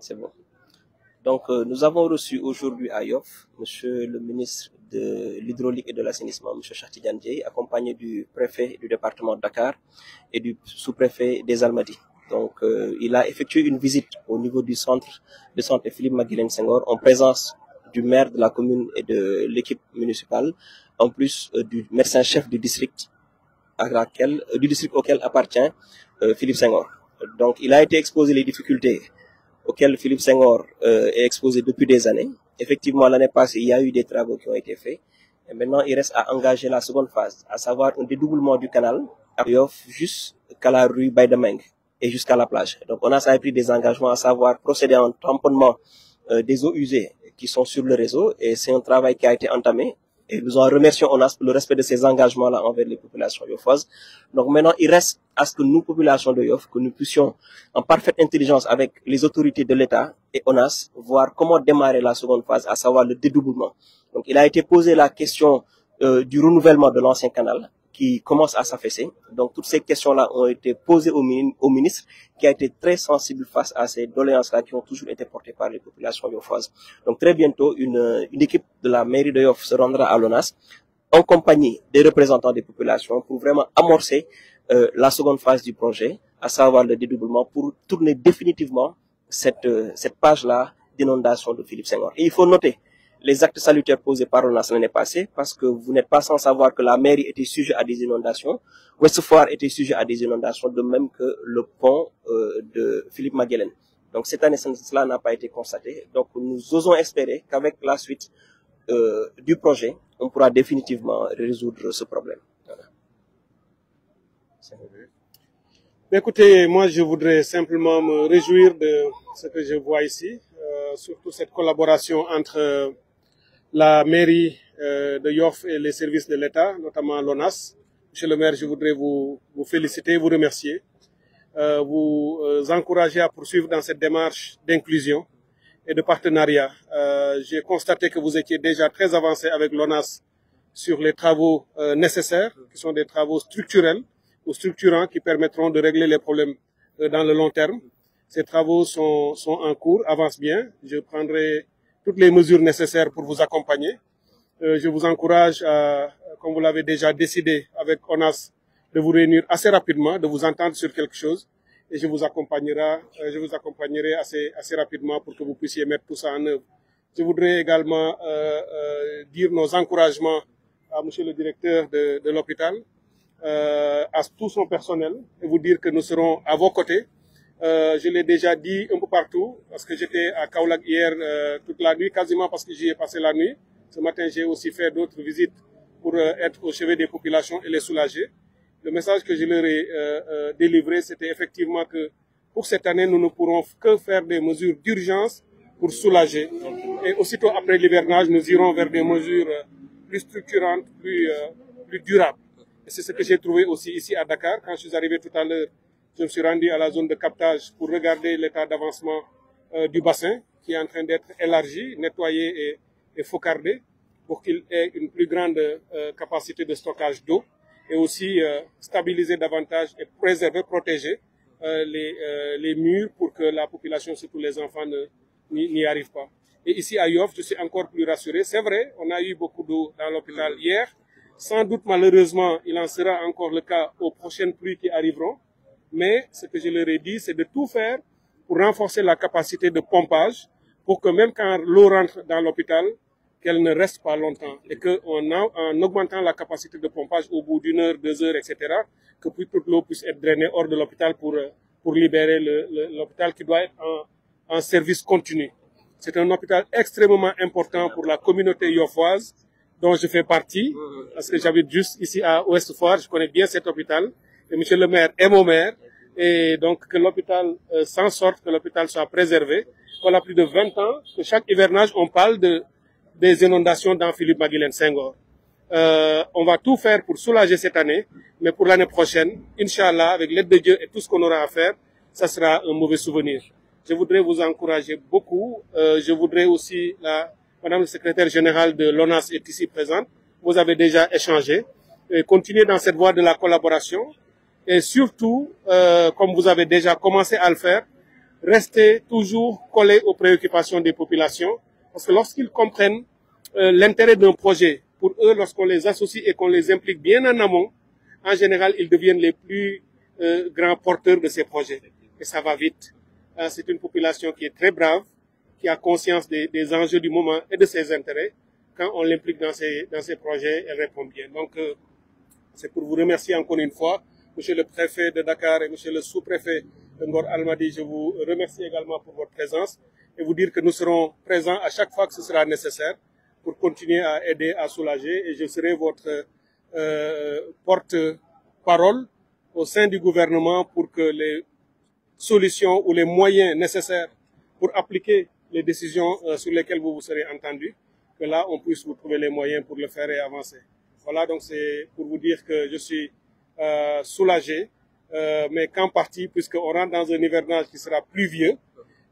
C'est bon. Donc, euh, nous avons reçu aujourd'hui à Yoff Monsieur le ministre de l'hydraulique et de l'assainissement, Monsieur Chati Diaye, accompagné du préfet du département de Dakar et du sous-préfet des Almadies. Donc, euh, il a effectué une visite au niveau du centre, de Santé Philippe Maguilène Senghor, en présence du maire de la commune et de l'équipe municipale, en plus euh, du médecin-chef du district du district auquel appartient Philippe Senghor. Donc, il a été exposé les difficultés auquel Philippe Senghor euh, est exposé depuis des années. Effectivement, l'année passée, il y a eu des travaux qui ont été faits. Et maintenant, il reste à engager la seconde phase, à savoir un dédoublement du canal à juste jusqu'à la rue Baidemeng et jusqu'à la plage. Donc, on a ça a pris des engagements, à savoir procéder à un tamponnement euh, des eaux usées qui sont sur le réseau. Et c'est un travail qui a été entamé et nous en remercions ONAS pour le respect de ses engagements-là envers les populations yofoises. Donc maintenant, il reste à ce que nous, populations de Yoff, que nous puissions, en parfaite intelligence avec les autorités de l'État et ONAS, voir comment démarrer la seconde phase, à savoir le dédoublement. Donc il a été posé la question euh, du renouvellement de l'ancien canal qui commence à s'affaisser. Donc toutes ces questions-là ont été posées au, ministre qui a été très sensible face à ces doléances-là qui ont toujours été portées par les populations yofoises. Donc très bientôt, une, équipe de la mairie de Yoff se rendra à l'ONAS en compagnie des représentants des populations pour vraiment amorcer euh, la seconde phase du projet, à savoir le dédoublement pour tourner définitivement cette, euh, cette page-là d'inondation de Philippe Senghor. Et il faut noter les actes salutaires posés par le n'est pas passée, parce que vous n'êtes pas sans savoir que la mairie était sujet à des inondations, Ouest-Foire était sujet à des inondations, de même que le pont euh, de Philippe Maguelen. Donc cette année, cela n'a pas été constaté. Donc nous osons espérer qu'avec la suite euh, du projet, on pourra définitivement résoudre ce problème. Écoutez, moi je voudrais simplement me réjouir de ce que je vois ici, euh, surtout cette collaboration entre la mairie euh, de Yoff et les services de l'État, notamment l'ONAS. Monsieur le maire, je voudrais vous, vous féliciter, vous remercier, euh, vous euh, encourager à poursuivre dans cette démarche d'inclusion et de partenariat. J'ai constaté que vous étiez déjà très avancé avec l'ONAS sur les travaux nécessaires, qui sont des travaux structurels ou structurants qui permettront de régler les problèmes dans le long terme. Ces travaux sont, sont en cours, avancent bien. Je prendrai toutes les mesures nécessaires pour vous accompagner. Euh, je vous encourage, à, comme vous l'avez déjà décidé avec ONAS, de vous réunir assez rapidement, de vous entendre sur quelque chose, et je vous accompagnerai, euh, je vous accompagnerai assez, assez rapidement pour que vous puissiez mettre tout ça en œuvre. Je voudrais également euh, euh, dire nos encouragements à Monsieur le directeur de, de l'hôpital, euh, à tout son personnel, et vous dire que nous serons à vos côtés euh, je l'ai déjà dit un peu partout, parce que j'étais à Kaoulag hier euh, toute la nuit, quasiment parce que j'y ai passé la nuit. Ce matin, j'ai aussi fait d'autres visites pour euh, être au chevet des populations et les soulager. Le message que je leur ai délivré, c'était effectivement que pour cette année, nous ne pourrons que faire des mesures d'urgence pour soulager. Et aussitôt après l'hivernage, nous irons vers des mesures plus structurantes, plus, plus durables. Et c'est ce que j'ai trouvé aussi ici à Dakar, quand je suis arrivé tout à l'heure je me suis rendu à la zone de captage pour regarder l'état d'avancement euh, du bassin qui est en train d'être élargi, nettoyé et, focardé pour qu'il ait une plus grande euh, capacité de stockage d'eau et aussi euh, stabiliser davantage et préserver, protéger les, les, murs pour que la population, surtout les enfants, n'y arrive pas. Et ici à Yoff, je suis encore plus rassuré. C'est vrai, on a eu beaucoup d'eau dans l'hôpital mm. hier. Sans doute, malheureusement, il en sera encore le cas aux prochaines pluies qui arriveront mais ce que je leur ai dit, c'est de tout faire pour renforcer la capacité de pompage, pour que même quand l'eau rentre dans l'hôpital, qu'elle ne reste pas longtemps et qu'en en augmentant la capacité de pompage au bout d'une heure, deux heures, etc., que toute l'eau puisse être drainée hors de l'hôpital pour, euh, pour libérer l'hôpital qui doit être en, en service continu. C'est un hôpital extrêmement important pour la communauté yofoise dont je fais partie, parce que j'habite juste ici à Ouest-Foire, je connais bien cet hôpital et Monsieur le maire et mon maire, et donc que l'hôpital euh, s'en sorte, que l'hôpital soit préservé. Voilà plus de 20 ans que chaque hivernage, on parle de, des inondations dans Philippe Maguilène Senghor. Euh, on va tout faire pour soulager cette année, mais pour l'année prochaine, Inch'Allah, avec l'aide de Dieu et tout ce qu'on aura à faire, ça sera un mauvais souvenir. Je voudrais vous encourager beaucoup. Euh, je voudrais aussi, la, Madame la Secrétaire Générale de l'ONAS est ici présente, vous avez déjà échangé. Et continuez dans cette voie de la collaboration, et surtout, euh, comme vous avez déjà commencé à le faire, restez toujours collé aux préoccupations des populations. Parce que lorsqu'ils comprennent euh, l'intérêt d'un projet, pour eux, lorsqu'on les associe et qu'on les implique bien en amont, en général, ils deviennent les plus euh, grands porteurs de ces projets. Et ça va vite. C'est une population qui est très brave, qui a conscience des, enjeux du moment et de ses intérêts. Quand on l'implique dans ces, dans ces projets, elle répond bien. Donc, c'est pour vous remercier encore une fois. Monsieur le préfet de Dakar et Monsieur le sous-préfet de Ngor Almadi, je vous remercie également pour votre présence et vous dire que nous serons présents à chaque fois que ce sera nécessaire pour continuer à aider, à soulager et je serai votre euh, porte-parole au sein du gouvernement pour que les solutions ou les moyens nécessaires pour appliquer les décisions euh, sur lesquelles vous vous serez entendu, que là on puisse vous trouver les moyens pour le faire et avancer. Voilà, donc c'est pour vous dire que je suis euh, soulagé, euh, mais qu'en partie, puisqu'on rentre dans un hivernage qui sera pluvieux.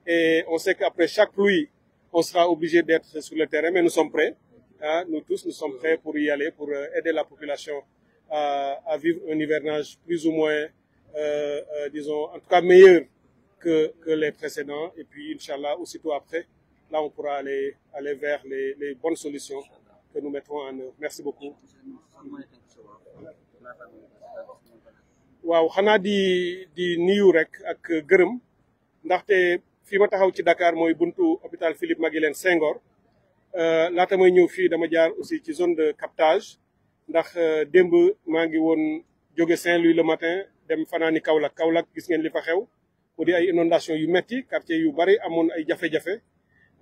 Et on sait qu'après chaque pluie, on sera obligé d'être sur le terrain, mais nous sommes prêts. Hein, nous tous, nous sommes prêts pour y aller, pour euh, aider la population à, à vivre un hivernage plus ou moins, euh, euh, disons, en tout cas meilleur que, que les précédents. Et puis, Inch'Allah, aussitôt après, là, on pourra aller, aller vers les, les bonnes solutions que nous mettrons en œuvre merci beaucoup waaw xana di di niou rek ak gërëm ndaxte fi ma taxaw ci Dakar moy buntu hôpital Philippe Maguilène Senghor euh, laata may ñëw fi dama jaar aussi ci zone de captage ndax euh, démb maa ngi woon jóge Saint-Louis le matin dem fanani Kaolack Kaolack gis ngeen li fa xew ko di ay inondation yu metti quartier yu bari amone ay jafé jafé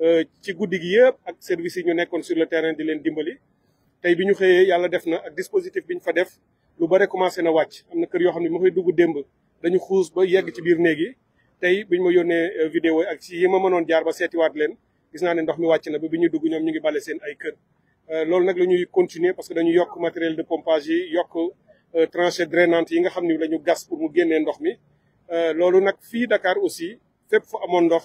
Euh, ci guddi gi yëpp ak service yi ñu nekkoon sur le terrain di leen dimbali tey bi ñu xëyee yàlla def na ak dispositif bi ñu fa def lu bare commencé na wàcc am na kër yoo xam ne ma koy dugg démb dañu xuus ba yegg ci biir néeg tey bi ñu ma yónnee euh, vidéo ak ci yi ma mënoon jaar ba seetiwaat leen gis naa ne ndox mi wàcc na ba bi ñu dugg ñoom ñu ngi bale seen ay kër euh, loolu nag la ñuy continuer parce que dañu yokk matériel de pompage yi yokk tranchée drainante yi nga xam ne la gas pour mu génnee ndox mi loolu nag fii ndakaar aussi fépp fu amoon ndox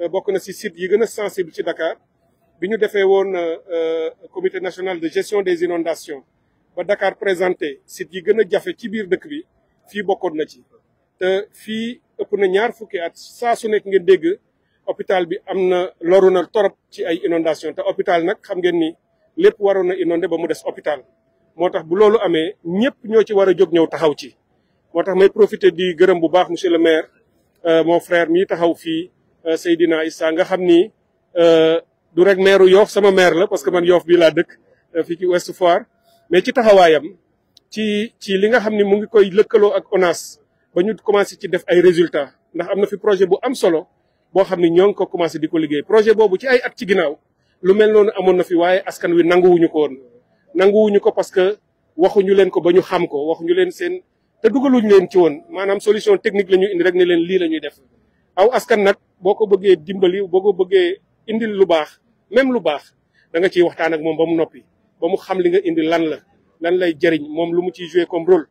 Euh, bokk na ci site Dakar biñu euh, euh, comité national de gestion des inondations ba Dakar présenté site yi gëna a ci biir dëkk bi fi na ci ëpp na ñaar at su ngeen hôpital bi amna loruna ci ay inondation té hôpital nak xam ngeen ni inondé ba mu hôpital bu taxaw di bu le mon frère Eh, Sayyidina Isa nga xam ni eh, du rek meeru Yoff sama Merle la parce que man Yoff bi laa dëkk eh, fii ci Ouest Foire mais ci taxawaayam ci ci li nga mu ngi koy ak ONAS ba commencé ci def ay résultats ndax am na fi projet bu am solo bo xam ni ñoo ngi ko commencé di liggéey projet boobu ci ay at ci ginnaaw lu mel noonu amoon na fi waaye askan wi nanguwuñu ko woon nanguwuñu ko parce que waxuñu leen ko ba xam ko waxuñu leen seen te leen ci solution technique indi rek ne leen def aw askan nag boo ko bëggee dimbali boo ko bëggee indil lu baax même lu baax da nga ciy waxtaan ak moom ba mu noppi ba mu xam li nga indi lan la lan lay jëriñ moom lu mu ciy joué comme rôle.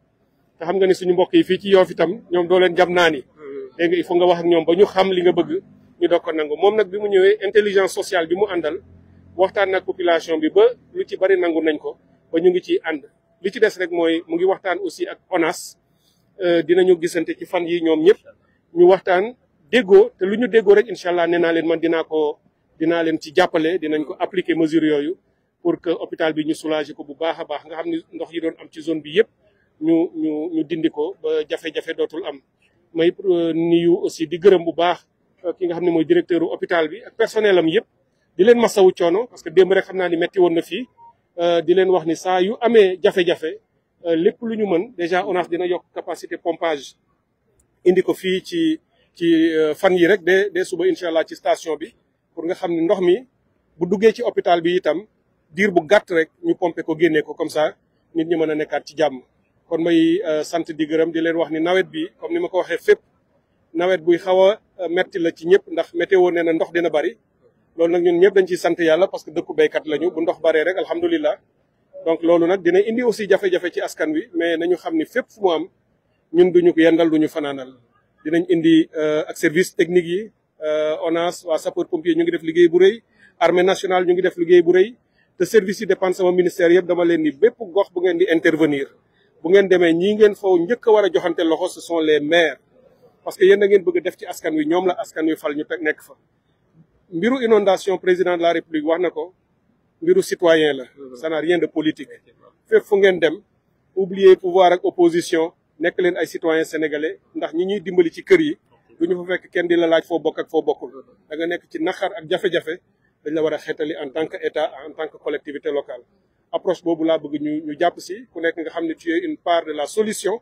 te xam nga ni suñu mbokk yi fii ci Yoff itam ñoom doo jam naa ni léegi mm-hmm. il faut nga wax ñoom ba ñu xam li nga bëgg ñu doog ko nangu moom nag bi mu ñëwee intelligence sociale bi mu àndal waxtaan nag population bi ba lu ci bari nangu nañ ko ba ñu ngi ci ànd li ci des rek mooy mu ngi waxtaan aussi ak ONAS euh, dinañu gisante ci fan ñoom ñëpp ñu waxtaan. Dégo, té luñu nous rek man ko ci dinañ ko appliquer mesure pour que hôpital bi ñu soulager ko bu baax baax nga xamni ndox yi doon am ci zone bi avons ñu ñu ñu ba am euh, niyu aussi di gërëm bu baax euh, ki nga ne directeur hôpital bi ak personnel am di leen massawu Nous parce que des rek xamna ni metti won na avons euh, di leen wax ni avons yu des jafé Nous lépp luñu mën déjà avons, dina des capacité pompage indi ko fi ci ci euh, fan yii rek de de suba incha allah ci station bi pour nga xam ni ndox mi bu duggee ci hôpital bi itam diir bu gàtt rek ñu pomper ko génnee ko comme ça nit ñu mën a nekkaat ci jàmm. kon may euh, sant di gërëm di leen wax ni nawet bi comme ni ma ko waxee fépp nawet buy xaw a euh, metti la ci ñëpp ndax météo nee na ndox dina bari loolu nag ñun ñëpp dañ ciy sant yàlla parce que dëkku béykat lañu bu ndox baree rek alhamdulilah. donc loolu nag dina indi aussi jafe ci askan wi mais nañu xam ni fépp fu mu am ñun duñu yendal duñu fanaanal. dinañ indi euh, ak service technique yi euh, ONAS wa sapeur pompier ñu ngi def liguey bu reuy armée nationale ñu ngi def liguey bu reuy te service yi dépend sama ministère yëpp dama leen ni bép gox bu ngeen di intervenir bu ngeen démé ñi ngeen faw njëkk wara joxanté loxo ce sont les maires parce que yéen da ngeen bëgg def ci askan wi ñom la askan wi fal ñu teg nekk fa mbiru inondation président de la république wax nako ko mbiru citoyen la ça n'a rien de politique fépp fu ngeen dem oublier pouvoir ak opposition nek leen ay citoyens sénégalais ndax ñi ñuy dimbali ci kër yi du ñu fa fekk kenn di la laaj foo bokk ak foo bokkul da nga nekk ci naxar ak jafe-jafe dañ la war a xeetali en tant que état en tant que collectivité locale approche boobu laa bëgg ñu ñu jàpp si ku nekk nga xam ne tu es une part de la solution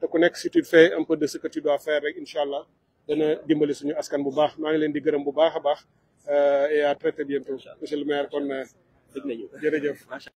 te ku nekk si tu fais un peu de ce que tu dois faire rek incha allah dana dimbali suñu askan bu baax maa ngi leen di gërëm bu baax a baax euh, et à très très bientôt monsieur le maire kon euh, jërëjëf